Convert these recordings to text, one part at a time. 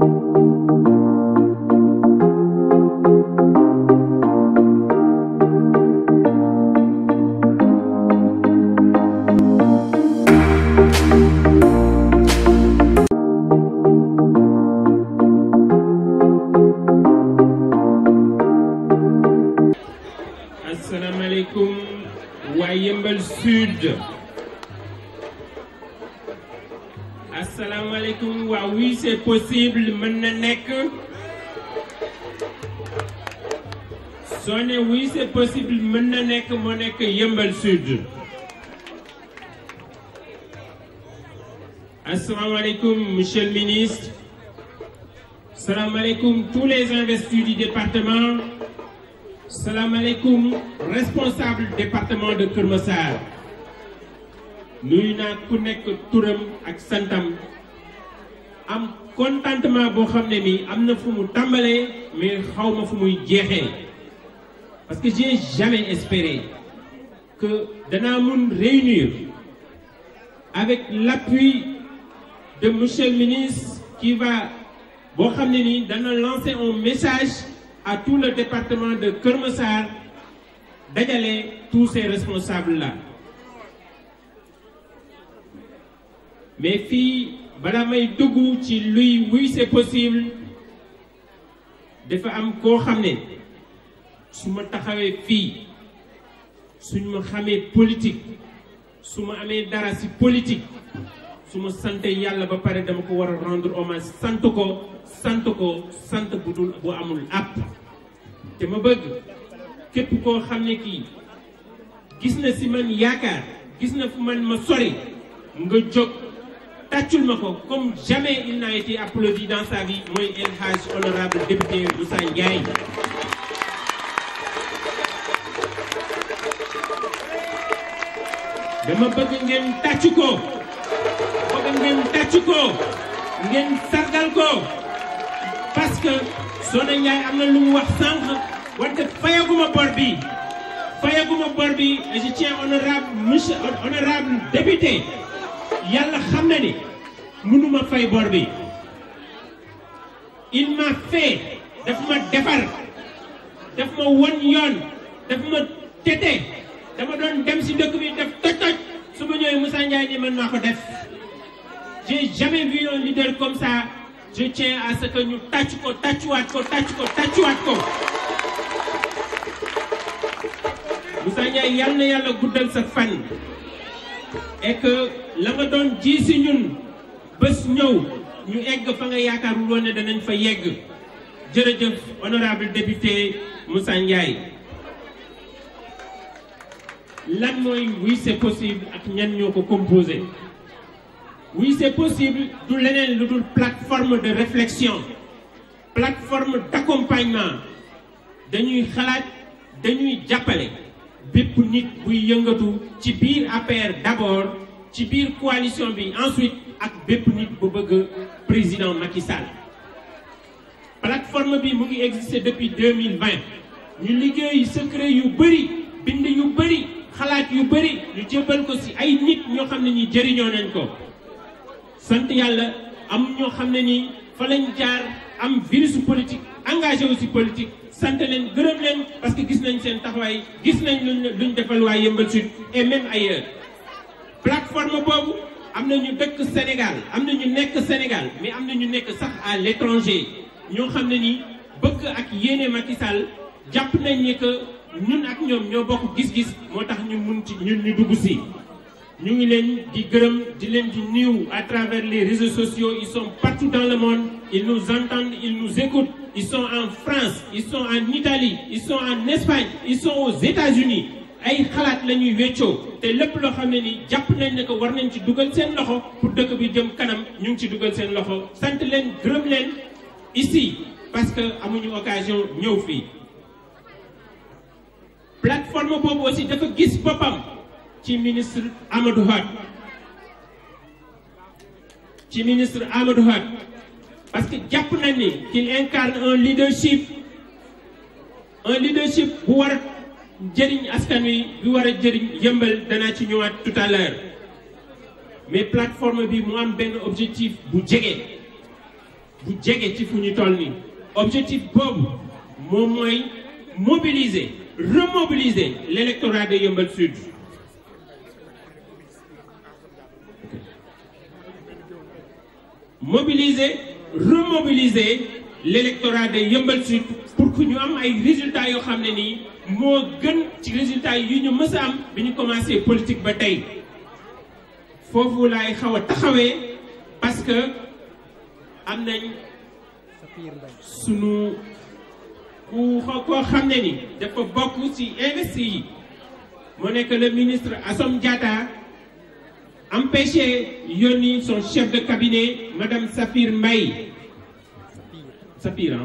thank you possible mën na nekk soo ne oui c'est possible mën na nekk moo nekk yëmbal Sud asalaamaaleykum monsieur le ministre salaamaaleykum tous les investis du département salaamaaleykum responsable département de Kër Massar naa ku nekk turam ak santam contentement boo xam ne nii am na fu mu tàmbalee mais xaw ma fu muy jeexee parce que j'ai jamais espéré que danaa mun réunir avec l'appui de monsieur le ministre qui va boo xam ne ni dana lancer un message à tout le département de Keur Massar dajale tous ces responsables là mais fii balaa may dugg ci luy wuy c'est possible dafa am koo xam ne su ma taxawee fii suñ ma xamee politique su ma amee dara ci politique su ma sant yàlla ba pare dama ko war a rendre hommage sant ko sant ko sant bu dul bu amul àpp te ma bëgg képp koo xam ne kii gis na ci man yaakaar gis na fu man ma sori nga jóg tàccul ma ko comme jamais il n'a été applaudi dans sa vie mooy El Hadj honorable député Moussa Ndiaye dama bëgg ngeen tàcc ko bëgg ngeen tàcc ko ngeen sargal ko parce que Soxna Ndiaye am na lu mu wax sànq wante fayaguma bor bi fayaguma bor bi je tiens honorable monsieur honorable député yàlla xam na ni mënuma fay bor bi il m'a fait daf ma defar daf ma won yoon daf ma tete dama doon dem si dëkk bi def toj-toj su ma ñëwee Moussa Ndiaye ni mën naa ko def j'ai jamais vu un leader comme ça je tiens à ce ñu tàcc ko tàccuwaat ko tàcc ko tàccuwaat ko Moussa Ndiaye yal na yàlla guddal sa fan et la nga doon ji si ñun bés ñëw ñu egg fa nga yaakaarul ne danañ fa yegg jërëjëf honorable député Moussa Ndiaye lan mooy oui possible ak ñan ñoo ko composé oui c'est possible du leneen lu dul plateforme de réflexion plateforme d'accompagnement dañuy xalaat dañuy jàppale bépp nit buy yëngatu ci biir APR d'abord ci biir coalition bi ensuite ak bépp nit bu bëgg président Macky Sall plateforme bi mu ngi exister depuis 2020 ñu liggéey secret yu bëri bind yu bëri xalaat yu bëri ñu jébbal ko ci ay nit ñoo xam ne ni jëriñoo nañ ko sant yàlla amul ñoo xam ne nii fa lañ jaar am virus politique engagé aussi politique sant leen gërëm leen parce que gis nañ seen taxawaay gis nañ luñ luñ defal waa yëmbal Sud et même plateforme boobu am na ñu dëkk Sénégal am na ñu nekk Sénégal mais am na ñu nekk sax à l'étranger ñoo xam ne ni bëgg ak yéene Macky Sall jàpp nañ ni que ñun ak ñoom ñoo bokk gis-gis moo tax ñu mun ci ñun ñu dugg si. ñu ngi leen di gërëm di leen di nuyu à travers les réseaux sociaux ils sont partout dans le monde ils nous entendent ils nous écoutent ils sont en France ils sont en Italie ils sont en Espagne ils sont aux États-Unis ay xalaat la ñuy wéccoo te lépp loo xam ne ni jàpp nañ ne ko war nañ ci duggal seen loxo pour dëkk bi jëm kanam ñu ngi ci duggal seen loxo sant leen gërëm leen ici parce que amuñu occasion ñëw fii. plateforme boobu aussi dafa gis boppam ci ministre Amadou Hott ci ministre Amadou Hott parce que jàpp nañ ni qu'il incarne un leadership un leadership bu war jëriñ askan wi bi war a jëriñ yëmbal danaa ci ñëwaat tout à mais plateforme bi mu benn objectif bu jege bu jege ci fu ñu toll nii objectif boobu moom mooy mobiliser remobiliser l'électorat de Yeumbeul Sud mobiliser remobiliser l'électorat de Yeumbeul Sud ëpp ñu am ay résultats yoo xam ne nii moo gën ci résultats yi ñu mës am bi ñu commencé politique ba tey foofu laay xaw a taxawee parce que am nañ sunu koo xam ne ni dafa bokk ci investi yi mu nekk le ministre Assome Diatta empêché yónni son chef de cabinet madame Safir Mbaye Safir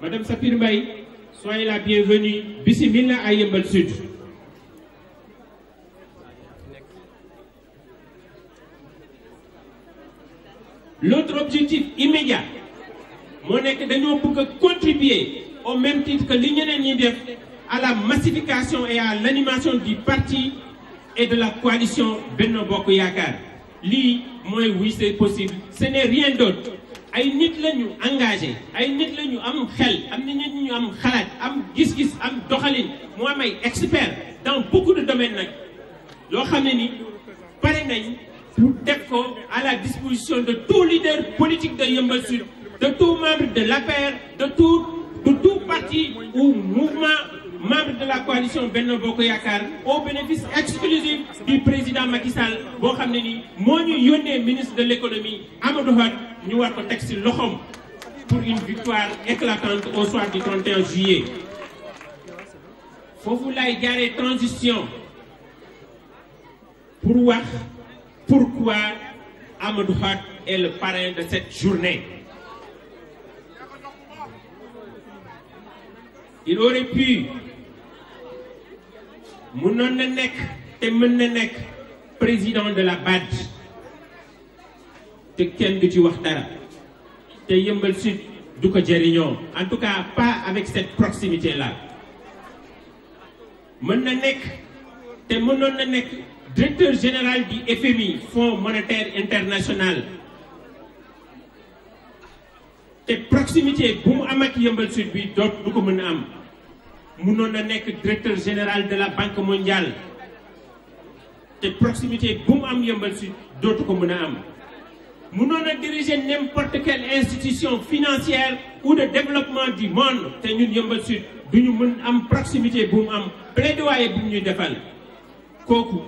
Madame Safir Mbaye, soyez la bienvenue. Bismillah à Yeumbeul Sud. L'autre objectif immédiat moo nekk dañoo bëgg a contribuer au même titre que li ñeneen ñi def à la massification et à l'animation du parti et de la coalition Benno Bokk Yaakaar lii mooy oui possible ce n'est rien d'autre ay nit la ñu engagé ay nit la ñu am xel am na nit ñu am xalaat am gis-gis am doxalin mu am ay expert dans beaucoup de domaines nag loo xam ne ni pare nañ pour def ko à la disposition de tout leader politique de Yeumbeul Sud de tout membre de l'APR de tout de tout parti ou mouvement membre de la coalition Benno Bokk Yaakaar au bénéfice exclusif du président Macky Sall boo xam ne ni moo ñu yónnee ministre de l'économie Amadou Hott ñu war ko teg ci loxoom pour une victoire éclatante au soir du 31 juillet foofu laay jaaree transition pour wax pourquoi Amadou Hott est le parrain de cette journée. il aurait pu mënoon te mën na nekk président de la BAD. te kenn du ci wax dara te yëmbal Sud du ko jëriñoo en tout cas pas avec cette proximité la mën na nekk te mënoon na nekk directeur général du FMI Fonds monétaire international te proximité bu mu am ak yëmbal Sud bi doot du ko mën a am mënoon na nekk directeur général de la Banque mondiale te proximité bu mu am Yeumbeul Sud dootu ko mën a am mënoon a diriger n'importe quelle institution financière ou de développement du monde te ñun Yeumbeul Sud du ñu mën am proximité bu mu am plaidoyer bu mu ñu defal kooku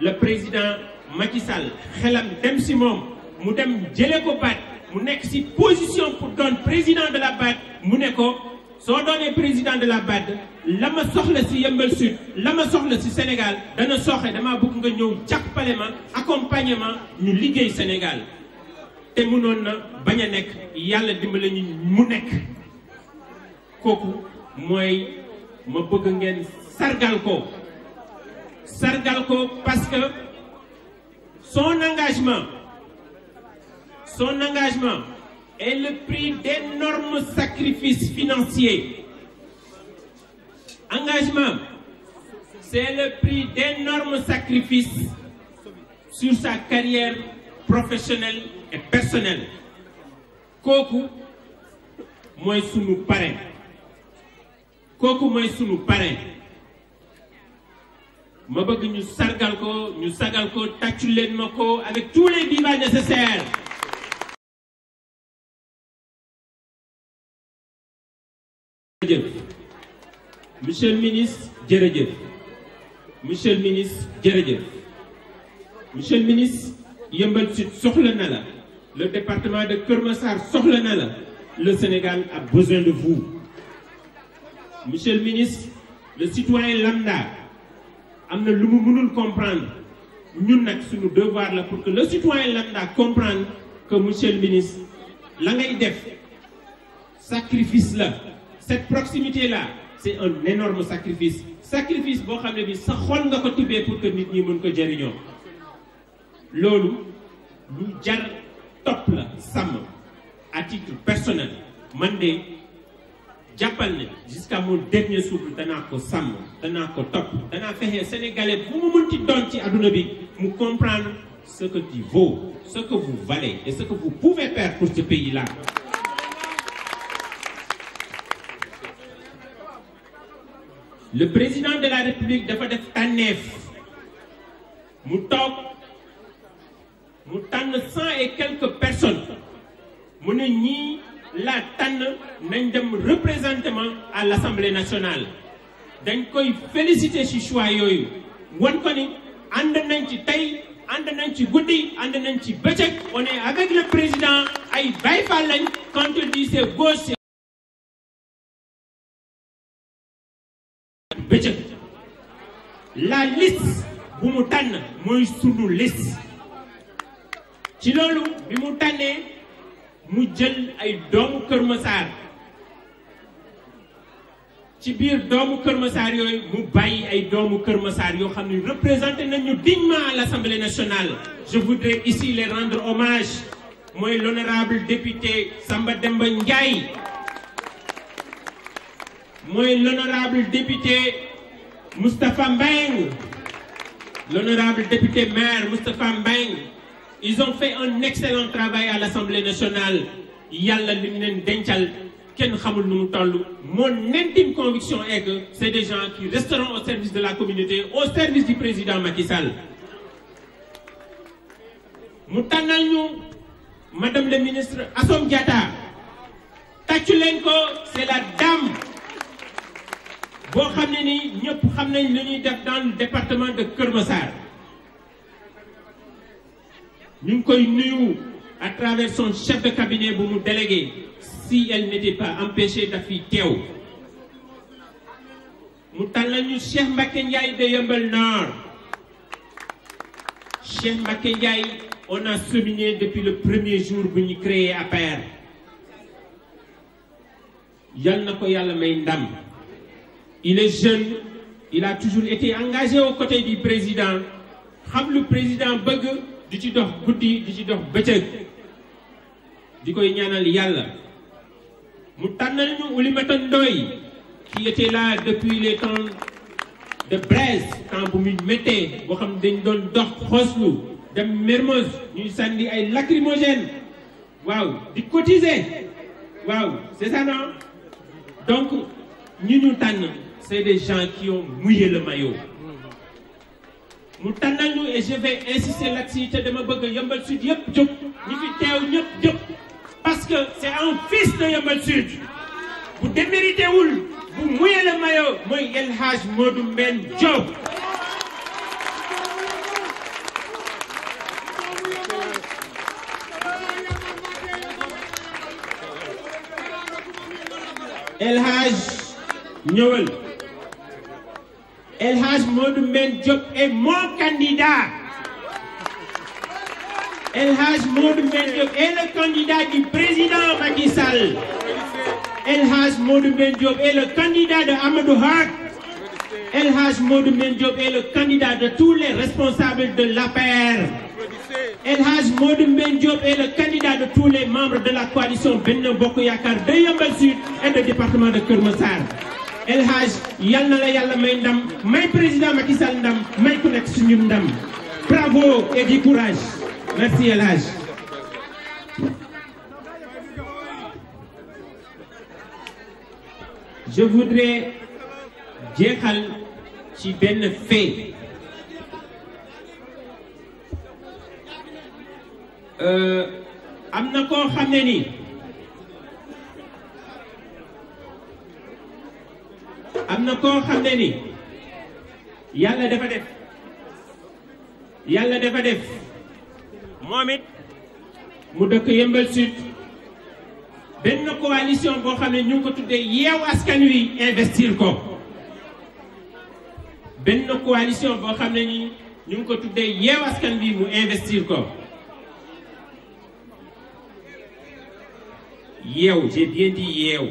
le président Macky Sall xelam dem si moom mu dem jële ko baat mu nekk si position pour doon président de la BAD mu ne ko soo doonee président de la BAD la ma soxla si yëmbal Sud la ma soxla si Sénégal dana soxe dama bëgg nga ñëw jàppale ma accompagnement ñu liggéey Sénégal te mënoon na bañ a nekk yàlla dimbale ñu mu nekk kooku mooy ma bëgg ngeen sargal ko sargal ko parce que son engagement son engagement et le prix d'énormes sacrifices financiers engagement c'est le prix d'énormes sacrifices sur sa carrière professionnel et personnel kooku mooy sunu parrain kooku mooy sunu parrain ma bëgg ñu sargal ko ñu sagal ko tàccu leen ma ko avec tous les vivants nécessaires jërëjëf ministre jërëjëf monsieur ministre jërëjëf monsieur ministre yëmbal Sud soxla na la le département de Keur Massar soxla na la le Sénégal a besoin de vous monsieur le ministre le citoyen lambda am na lu mu mënul comprendre ñun nag suñu devoir la pour que le citoyen lambda comprendre que monsieur le ministre la ngay def sacrifice la cette proximité là c'est un énorme sacrifice sacrifice boo xam ne bi sa xol nga ko tibbee pour que nit ñi mën ko jëriñoo loolu lu jar topp la sàmm à titre personnel man de jàppal ne jusqu'à mon dernier souffle danaa ko sàmm danaa ko topp danaa fexe sénégalais bu mu mënti ci adduna bi mu comprendre ce que tu ce que vous valez et ce que vous pouvez faire pour ce pays-là le président de la république dafa def tànneef mu toog mu tànn cent et quelques personnes mu ne ñii la tànn nañ dem représentement à l'Assemblée nationale dañ koy féliciter ci choix yooyu wan ko ni ànd nañ ci tey ànd nañ ci guddi ànd nañ ci bëccëg on est avec président ay Baye Fall lañ quand il dit c'est gauche la liste bu mu tànn mooy sunu liste ci loolu bi mu tànnee mu jël ay doomu Kër Masaar ci biir doomu Kër Masaar yooyu mu bàyyi ay doomu Kër Masaar yoo xam ne représenté nañu dignement à l'Assemblée nationale je voudrais ici les rendre hommage mooy l'honorable député Samba Demba Ndiaye mooy l'honorable député Moustapha Mbengue l'honorable député maire Moustapha Mbengue ils ont fait un excellent travail à l'Assemblée nationale yàlla li mu leen dencal kenn xamul nu mu toll mon intime conviction est que c'est des gens qui resteront au service de la communauté au service du président Macky Sall mu tànnal ñu madame la ministre Assom Diatta tàccu leen ko c'est la dame boo xam ne ni ñëpp xam nañ lu ñuy def dans le département de Kër ñu koy nuyu à travers son chef de cabinet bu mu délégué si elle n'était pas empêchée dafi teew mu tànnal ñu Cheikh Mbacké de Yeumbeul Nord Cheikh Mbacké on a cheminé depuis le premier jour bu ñu créé APR yal na ko yàlla may ndam il est jeune il a toujours été engagé aux côtés du président xam lu président bëgg di ci dox guddi di ci dox bëccëg di koy ñaanal yàlla mu tànnal ñu Oulimata Ndoye qui était là depuis les temps de Brest temps bu muy méttee boo xam ne dañ doon dox xoslu dem Mermoz ñuy sànni ay lacrymogène waaw di cotiser waaw c'est donc ñi ñu tànn c'est des gens qui ont mouillé mu tànnal ñu et je vais insister là-dessus te dama bëgg Yeumbeul Sud yëpp jóg ñi teew ñëpp jóg parce que c'est un fils de Yeumbeul Sud bu démérité wul bu muyee le maillot mooy El Hadj Modou Mbène Diop El Hadj Modou Men le candidat du président Macky Sall. El Hadj Modou le candidat de Amadou Hak. El Hadj Modou Men le candidat de tous les responsables de l'APR. El Hadj Modou Men le candidat de tous les membres de la coalition Benno Bokk Yakaar de Yeumbeul Sud et du département de Keur El Hadj yal na la yàlla may ndam may président Macky Sall ndam may ku nekk ndam bravo et du merci El je voudrais jeexal ci benn fait euh, am na koo xam ne ni. na koo yàlla dafa def yàlla dafa def moom it mu dëkk Yeumbeul Sud benn coalition boo xam ne ñu ngi ko tuddee yeew askan wi investir ko benn coalition boo xam ne ni ñu ko tuddee yeew askan wi mu investir ko yeew j'ai bien dit yeew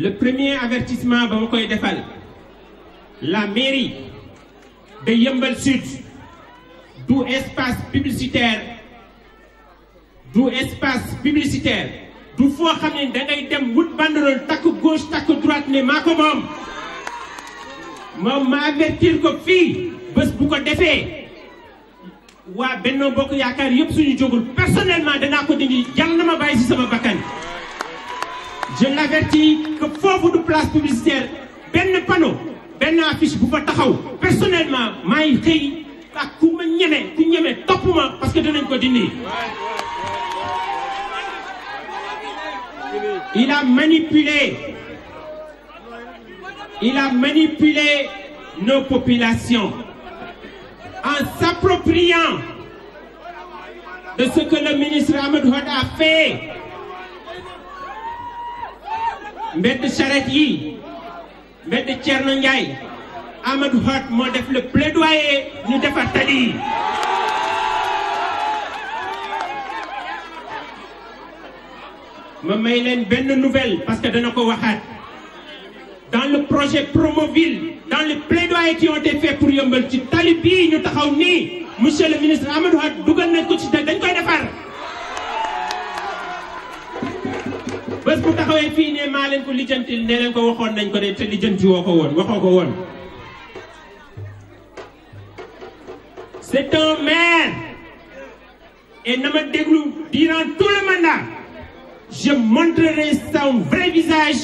le premier avertissement ba ma koy defal la mairie de Yeumbeul Sud du espace publicitaire du espace publicitaire du foo xam ne da dem wut banderole takk gauche takk droite ne maa ko moom moom ma avertir ko fii bés bu ko defee waa Benno Bokk Yaakaar yëpp suñu jógul personnellement danaa ko dindi jàll na ma bàyyi si sama bakkan je l'avertis que foofu du place publicitaire benn panneau benn affiche bu fa personnellement maa ngi xëy ak ku ma ñeme ku ñeme parce que danañ ko dindi. il a manipulé nos populations en s'appropriant de ce que le ministre Amadou Hott a fait mbedd charrette yi mbedd Thierno Ndiaye Amadou Hott moo def le plaidoyer ñu defar tali yi may leen benn nouvelle parce que dana ko waxaat dans le projet Promoville dans les plaidoyers qui ont été pour yëmbal ci tali bii ñu taxaw nii monsieur le ministre Amadou Hott dugal nañ ko ci dañ koy defar bés bu taxawee fii ne maa leen ko lijjantil ne leen ko waxoon nañ ko de te lijjanti ko woon waxoo ko woon. c'est un et na ma déglu durant tout le mandat je montrerai son vrai visage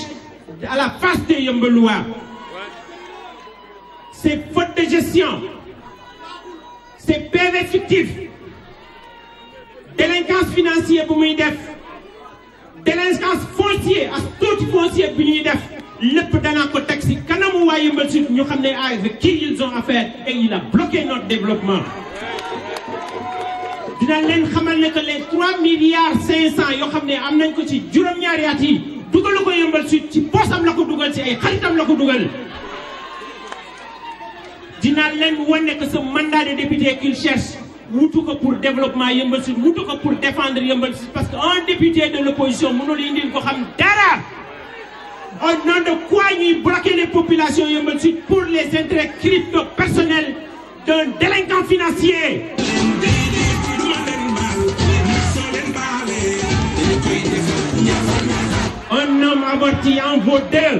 à la face des Yembelouas. Ces fautes de gestion, ces PV fictifs, délinquance financière pour mes délinquance foncière ak tuuti foncière bi ñuy def lépp danaa ko teg si kanamu waa Yeumbeul Sud ñu xam ne avec qui ils ont affaire et il a bloqué notre développement dina leen xamal ne que les trois milliards cinq cent yoo xam ne am nañ ko ci juróom-ñaari at yi dugalu ko Yeumbeul Sud ci poosam la ko dugal ci ay xaritam la ko dugal dina leen wane que ce mandat de député qu'il cherche wutu ko pour développement Yeumbeul Sud wutu ko pour défendre Yeumbeul Sud parce que un député de l'opposition mënul indil ko xam dara au nom de quoi ñuy bloquer les populations Yeumbeul Sud pour les intérêts crypto personnels d'un délinquant financier un homme averti en vaut deux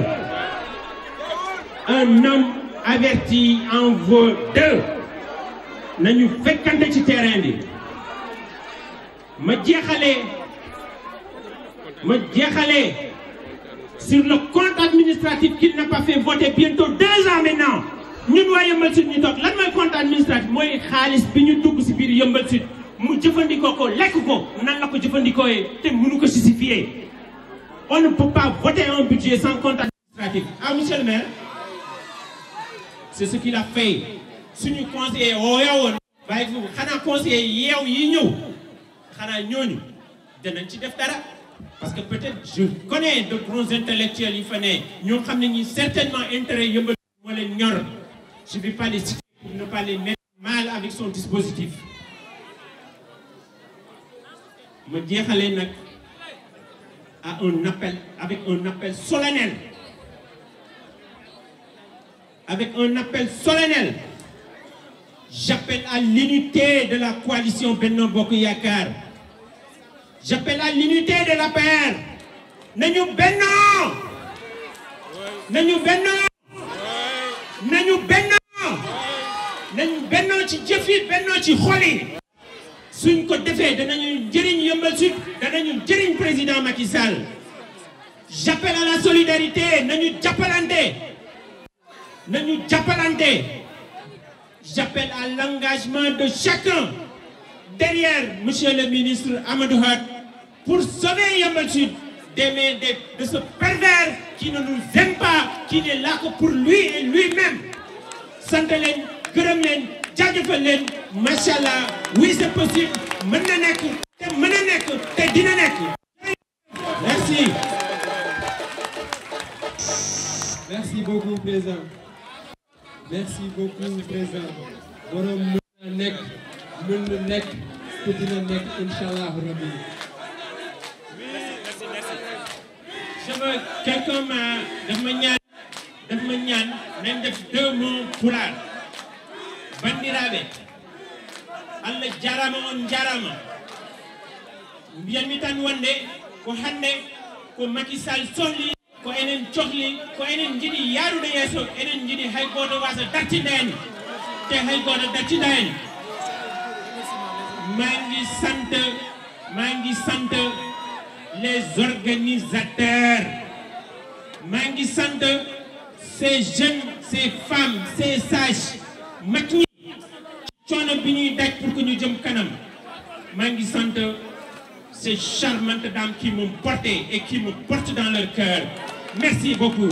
un homme averti en vaut deux nañu fekkante ci terrain bi ma jeexalee ma jeexalee sur le compte administratif qu'il n'a pas fait bientôt deux ans maintenant ñun waa Yeumbeul Sud ñu toog lan mooy compte administratif mooy xaalis bi ñu dugg si biir Yeumbeul mu jëfandikoo ko lekk ko nan la ko jëfandikoo te mënu ko justifier on ne peut pas voter un budget sans compte administratif ah monsieur maire c'est ce qu'il a suñu conseiller woo woon waaye foofu xanaa conseiller yeew yi ñëw xanaa ñooñu danañ ci def dara parce que peut-être je connais de grands intellectuels yi fa ne ñoo xam ne ñi certainement intérêt yëmbal moo leen ñor je vais pas les citer ne pas les mettre mal avec son dispositif ma jeexalee nag à un appel avec un appel solennel avec un appel solennel J'appelle à l'unité de la coalition Benno Bokk yaakaar J'appelle à l'unité de la paix. Nañu benno. Nañu benno. Nañu benno. Nañu benno ci jëf yi benno ci xol yi. Suñ ko defee danañu jëriñ Yeumbeul Sud, danañu jëriñ président Macky Sall. J'appelle à la solidarité, nañu jàppalante. Nañu jàppalante. J'appelle à l'engagement de chacun derrière Monsieur le ministre Amadou pour sauver Yeumbeul Sud de, ce pervers qui ne nous aime pas qui n'est là que pour lui et lui-même sant leen gërëm leen oui c'est possible mën te mën merci beaucoup président borom mën na nekk mën na nekk te dina ma ñaan daf ma ñaan nañ def deux mots pulaar. bandiraɓe allah jarama on jarama mbiyanmi tan wonde ko hande ko makisal solli ko enen cohli ko enen jiiɗi yaarude yeeso enen jiiɗi hay gooto wasa dartinde te hay gooto dartinda en maa ngi sant maa ngi sant les organisateurs maa ngi sant se jeunes ces femmes ces sages mag coono bi ñuy daj pour que ñu jëm kanam maa ngi sant ces charmantes dames qui m'ont porté et qui me portent dans leur cœur Merci beaucoup.